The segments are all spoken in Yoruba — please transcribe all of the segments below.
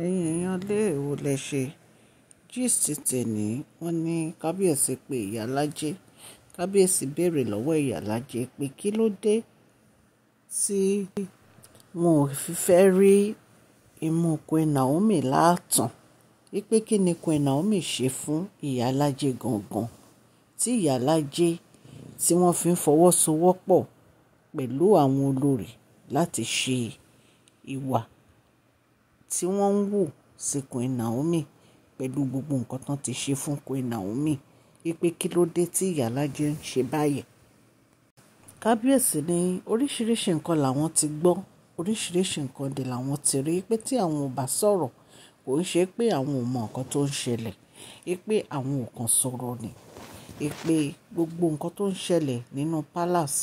lẹ́yìn èèyàn léèrè wo lẹ ṣe gist tèmi wọ́n ní kábíyèsí pé ìyálájé kábíyèsí béèrè lọ́wọ́ ìyálájé pé kí ló dé tí wọn ò fi fẹ́ rí imú Queen Naomi láàtàn wípé kí ni Queen Naomi ṣe fún ìyálájé gangan tí ìyálájé tí wọ́n fi ń fọwọ́sowọ́pọ̀ pẹ̀lú àwọn olórí láti ṣe ìwà tí wọ́n ń wò sí Queen Naomi pẹ̀lú gbogbo nǹkan tán ti ṣe fún Queen Naomi wípé kí ló dé tí ìyálájẹ ń ṣe báyìí. kábíyèsí ní oríṣiríṣi nǹkan làwọn ti gbọ́ oríṣiríṣi nǹkan dè làwọn ti rí pé tí àwọn ò bá sọ̀rọ̀ kò ń ṣe pé àwọn ò mọ nǹkan tó ń ṣẹlẹ̀ pé àwọn ò kàn sọ̀rọ̀ ni pé gbogbo nǹkan tó ń ṣẹlẹ̀ nínú palace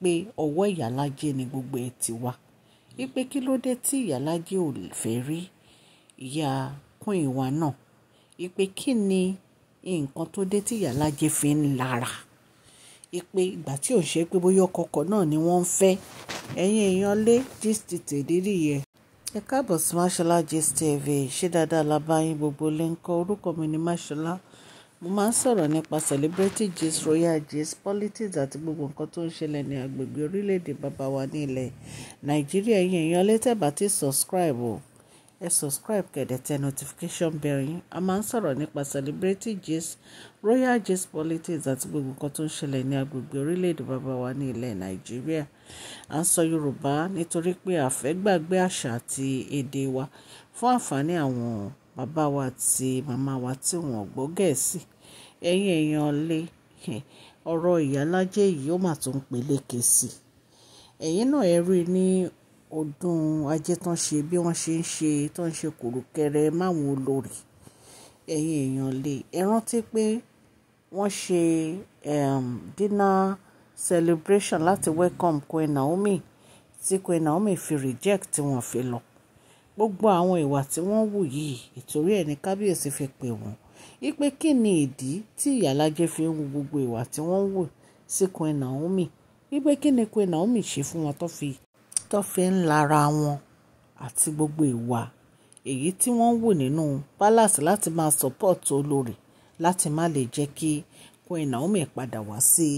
pé ọwọ́ ìyálájẹ ni gbogbo ẹ̀ ti wá wípé kí ló dé tí ìyálájé ò fẹ́ rí ìyá kún ìwà náà wípé kí ni nǹkan tó dé tí ìyálájé fi ń lara ìpè ìgbà tí ò ń ṣe pé bóyá ọkọ̀ọ̀kọ̀ náà ni wọ́n ń fẹ́ ẹ̀yin èèyàn lé gist tèdírí yẹn ẹ káàbọ̀ sí Mashola Gist ṣé dáadáa la bá yín gbogbo lẹ́ńkọ́ orúkọ mi ni Mashola Mo máa ń sọ̀rọ̀ nípa celebrity gist, royal gist, politics àti gbogbo nǹkan tó ń ṣẹlẹ̀ ní agbègbè orílẹ̀-èdè baba wa ní ilẹ̀ Nàìjíríà. Ẹ̀yin èèyàn ilé tẹ́ subscribe o, ẹ subscribe kẹ̀dẹ̀ tẹ notification bell yín. A máa ń sọ̀rọ̀ nípa celebrity gist, royal gist, politics àti gbogbo nǹkan tó ń ṣẹlẹ̀ ní agbègbè orílẹ̀-èdè baba wa ní ilẹ̀ Nàìjíríà. À ń sọ Yorùbá nítorí pé a fẹ́ gbàgbé àṣà àti èdè wa fún àǹfààní àwọn bàbá wa àti màmá wa tí wọn ò gbọ́ gẹ̀ẹ́sì ẹ̀yin èèyàn lé ọ̀rọ̀ ìyálájẹ́ yìí ó mà tún peléke sí i ẹ̀yin náà ẹ rí i ní ọdún ajé tán ṣe bí wọ́n ṣe ń ṣe tán ṣe kòròkẹrẹ máwọn olórí ẹ̀yin èèyàn lè ẹ rántí pé wọ́n ṣe ehm, dinner celebration láti welcome Queen Naomi tí Queen Naomi fi reject tí fi lọ gbogbo àwọn ìwà tí wọ́n wù yìí ìtorí ẹ̀ ní kábíyèsí fi pè wọ́n ipe kí ni ìdí tí ìyálájé fi ń wu gbogbo ìwà tí wọ́n ń wù sí Queen Naomi ipe kí ni Queen Naomi ṣe fún wọn tó fi tó fi ń lara wọn àti gbogbo ìwà èyí tí wọ́n wù nínú palace láti máa support olórí láti má lè jẹ́ kí Queen Naomi padà wá sí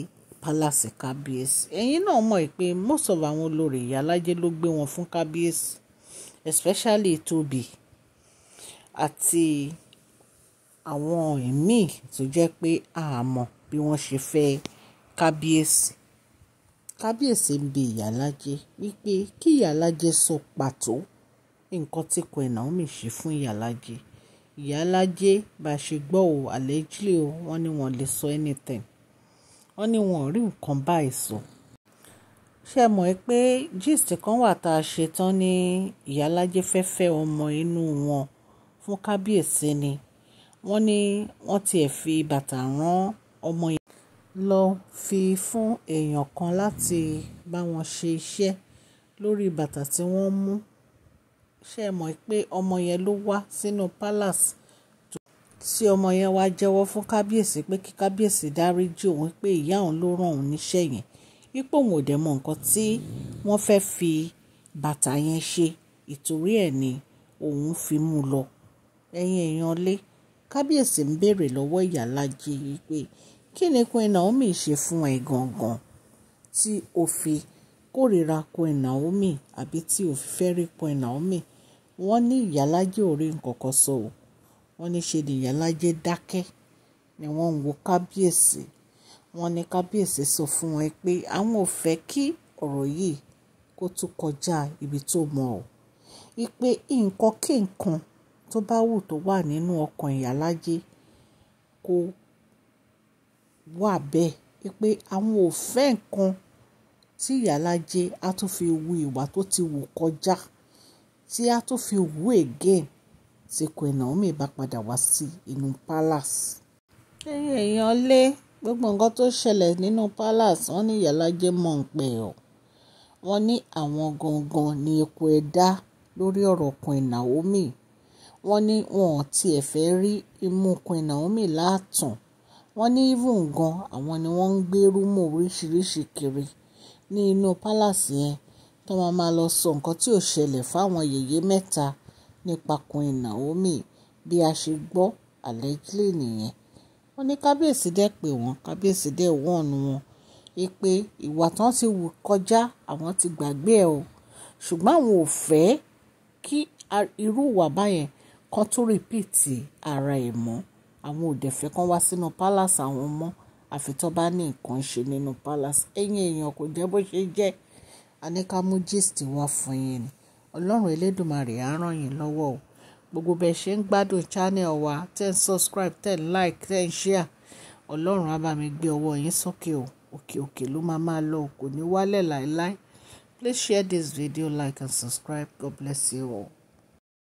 palace kábíyèsí ẹ̀yin náà mọ̀ pé most of àwọn olórí ìyálájé ló gbé wọn fún kábíyèsí especially Tóbi àti àwọn ìmíì tó jẹ́ pé a mọ̀ bí wọ́n ṣe fẹ́ kábíyèsí kábíyèsí ń bi ìyálájé wípé kí ìyálájé sọ pàtó nǹkan tí Queen Naomi ṣe fún ìyálájé ìyálájé bá a ṣe gbọ́ ò allegedly o wọ́n ní wọ́n lè sọ anything wọ́n ní wọ́n rí nǹkan báyìí sọ. So ṣé ẹ mọ̀ ẹ́ pé gist kan wà tá a ṣe tán ní ìyálájẹ́ fẹ́fẹ́ ọmọ inú wọn fún kábíyèsí ni wọ́n ní wọ́n tiẹ̀ fi bàtà rán ọmọ yẹn lọ fi fún èèyàn kan láti bá wọn ṣe iṣẹ́ lórí bàtà tí wọ́n mú ṣé ẹ mọ̀ pé ọmọ yẹn ló wá sínú palace tí ọmọ yẹn wá jẹ́wọ́ fún kábíyèsí pé kí kábíyèsí dáríjì òun pé ìyá òun ló rán òun níṣẹ́ yẹn wípé òun ò dẹ̀ mọ nǹkan tí wọ́n fẹ́ fi bàtà yẹn ṣe ìtorí ẹ̀ ni òun fi mú lọ ẹ̀yin èèyàn lé kábíyèsí ń béèrè lọ́wọ́ ìyálájé yìí pé kí ni Queen Naomi ṣe fún ẹ gangan tí o fi kórìíra Queen Naomi àbí tí o fi fẹ́ rí Queen Naomi wọ́n ní ìyálájé ò rí nǹkan kan sọ o wọ́n ní ṣe ni ìyálájé dákẹ́ ni wọ́n ń wo kábíyèsí wọ́n ní kábíyèsí sọ fún wọn pé àwọn ò fẹ́ kí ọ̀rọ̀ yìí kó tún kọjá ibi tó mọ̀ ọ́ ipe nǹkan kí nǹkan tó bá wù tó wà nínú ọkàn ìyálájé kó wà bẹ́ẹ̀ pé àwọn ò fẹ́ nǹkan tí ìyálájé á tún fi wu ìwà tó ti wù kọjá tí á tún fi wù again tí Queen Naomi bá padà wá sí inú palace. ẹ̀yin èèyàn lé gbogbo nǹkan tó ṣẹlẹ̀ nínú palace wọn ní ìyálájẹ́ mọ̀ ń pẹ̀ ọ́ wọn ní àwọn gangan ní epo ẹ̀dá lórí ọ̀rọ̀ Queen Naomi wọn ní wọn ò tiẹ̀ fẹ́ rí imú Queen Naomi láàtàn wọn ní even gan àwọn ni wọ́n ń gbé rúmọ̀ oríṣiríṣi kiri ní inú palace yẹn tó máa máa lọ sọ nǹkan tí ò ṣẹlẹ̀ fáwọn yèyé mẹ́ta nípa Queen Naomi bí a ṣe gbọ́ allegedly nìyẹn wọ́n ní kábíyèsí dẹ̀ pè wọ́n kábíyèsí dẹ̀ wọ́ọ̀nù wọn ìpè ìwà tán ti wù kọjá àwọn ti gbàgbé ẹ̀ o ṣùgbọ́n àwọn ò fẹ́ kí irú ìwà báyẹn kan tó rìpíìtì ara ẹ̀ mọ́ àwọn ò dẹ̀ fẹ́ kán wá sínú palace àwọn mọ́ àfi tó bá ní nǹkan ṣe nínú palace ẹ̀yin èèyàn kò jẹ́ bó ṣe jẹ́ a ní ká mú gist wá fún yín ni ọlọ́run elédùnmarè á ràn yín lọ́wọ́ o gbogbo bẹ́ẹ̀ ṣe ń gbádùn channel wa ten subscribe ten like ten share ọlọ́run á bá mi gbé ọwọ́ yín sókè o òkè òkè ló máa máa lọ kò ní wálẹ̀ láéláé please share this video like and subscribe god bless you all.